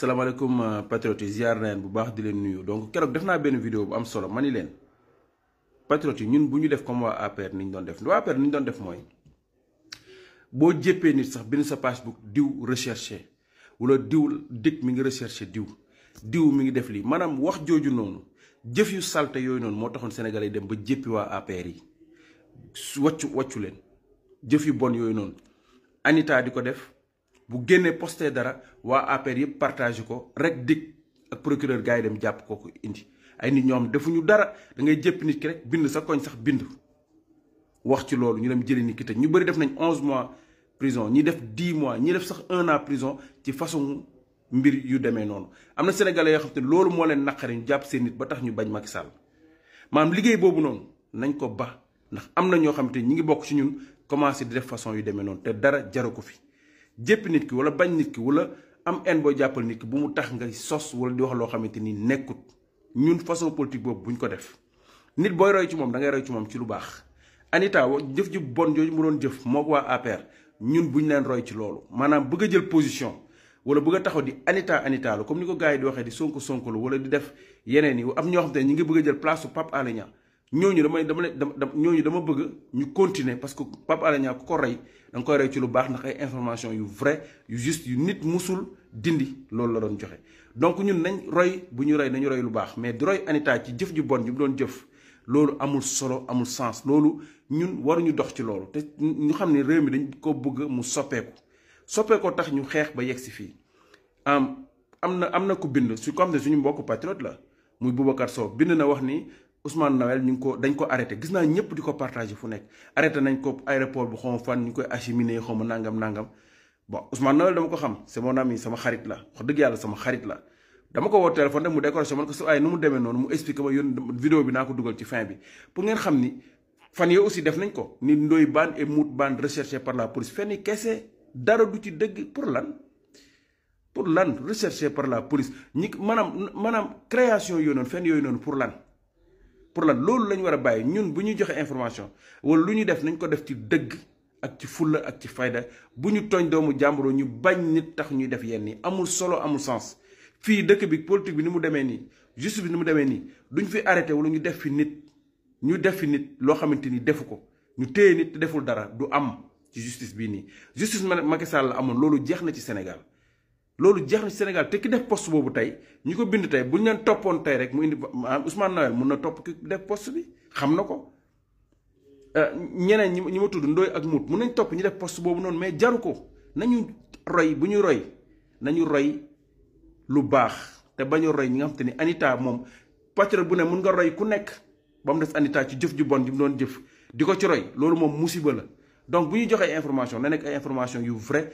salaamaaleykum euh, patriote yi ziar na bu baax di leen nuyu donc keroog def naa benn vidéo bu am solo ma ni leen patriote yi ñun bu ñu def comme waa APR ni ñu doon def waa ñu doon def mooy boo jéppee nit sax bind sa page bu diw recherché wala diw dëkk mi ngi recherché diw diw mi ngi def lii maanaam wax jooju noonu jëf yu salte yooyu noonu moo taxoon Sénégalais yi dem ba jéppi waa APR yi waccu waccu leen jëf yu bon yooyu noonu Anita di ko def. bu génnee posté dara waa APR yëpp partage ko rek dig ak procureur gaa yi dem jàpp kooku indi ay nit ñoom defuñu dara da ngay jëpp nit ki rek bind sa koñ sax bind wax ci loolu ñu dem jëli nit ki tëj ñu bëri def nañ onze mois prison ñi def dix mois ñi def sax un an prison ci façon mbir yu demee noonu am na sénégalais yoo xam te loolu moo leen naqari ñu jàpp seen nit ba tax ñu bañ Macky Sall maam liggéey boobu noonu nañ ko ba ndax am na ñoo xam te ñi ngi bokk ci ñun commencé di def façon yu demee noonu te dara jaru ko fi jépp nit ki wala bañ nit ki wala am en booy jàppal nit ki bu mu tax ngay sos wala di wax loo xamante ni nekkut ñun façon politique boobu buñ ko def nit booy roy ci moom da ngay roy ci moom ci lu baax. Anita jëf ji bon jooju mu doon jëf moo waa APR ñun bu ñu leen roy ci loolu maanaam bëgg a jël position wala bëgg a taxaw di Anita Anita la comme ni ko gars yi di waxee di Sonko Sonko la wala di def yeneen yi am ñoo xam te ne ñu ngi bëgg a jël place su Pape ñooñu damay dama leen dama ñooñu dama bëgg ñu continuer parce que Pape Alé Niang ko rey da nga koy rey ci lu baax ndax ay information yu vrai yu juste yu nit mosul dindi loolu la doon joxe. donc ñun nañ roy bu ñu roy nañu roy lu baax mais di roy Anita ci jëf ju bon ju bu doon jëf loolu amul solo amul sens loolu ñun waruñu dox ci loolu te ñu xam ni réew mi dañ ko bëgg mu soppeeku soppeekoo tax ñu xeex ba yegg si fii am am na am na ku bind su comme ne suñu mbokku patriote la muy Boubacar Sow bind na wax ni. Ousmane Noël ñu ngi ko dañ ko arrêté gis naa ñëpp di ko partagé fu nekk arrêté nañ ko aéroport bu xaw ma fan ñu ngi koy acheminé xaw ma nangam nangam bon Ousmane Noël dama ko xam c'est mon ami sama xarit la wax dëgg yàlla sama xarit la. dama ko woo téléphone rek mu décroché mu demee noonu mu expliqué ma yoon vidéo bi naa ko dugal ci fin bi pour ngeen xam ni fan yooyu aussi def nañ ko ni Ndoye Bane et Mout Bane recherché par la police fenn kese dara du ci dëgg pour lan. pour lan recherché par la police ñi maanaam maanaam création yooyu fenn yooyu noonu pour lan. pour lan loolu la war a bàyyi ñun bu ñuy joxee information wala lu ñu def nañ ko def ci dëgg ak ci fulla ak ci fayda bu ñu tooñ doomu jàmburoo ñu bañ nit tax ñuy def yenn yi amul solo amul sens fii dëkk bi politique bi ni mu demee nii justice bi ni mu demee nii duñ fi arrêté wala ñu def fi nit ñu def fi nit loo xamante ni defu ko ñu téye nit te deful dara du am ci justice bii nii justice Macky Sall la amoon loolu jeex na ci Sénégal loolu jeex na Sénégal te ki def post boobu tey ñi ko bind tey bu ñu leen toppoon tey rek mu indi maanaam Ousmane Noël mun na topp ki def poste bi xam na ko euh, ñeneen ñi ma tudd Ndoye ak Mout mun nañ topp ñu def poste boobu noonu mais jaru ko nañu roy bu ñuy roy nañu roy lu baax te ba bañu roy ñi nga xam te ni Anita moom patriote bu ne mun nga roy ku nekk ba mu def Anita ci jëf ju bon ji mu doon jëf di ko ci roy loolu moom musiba la donc bu ñu joxee information na nekk ay information yu vrai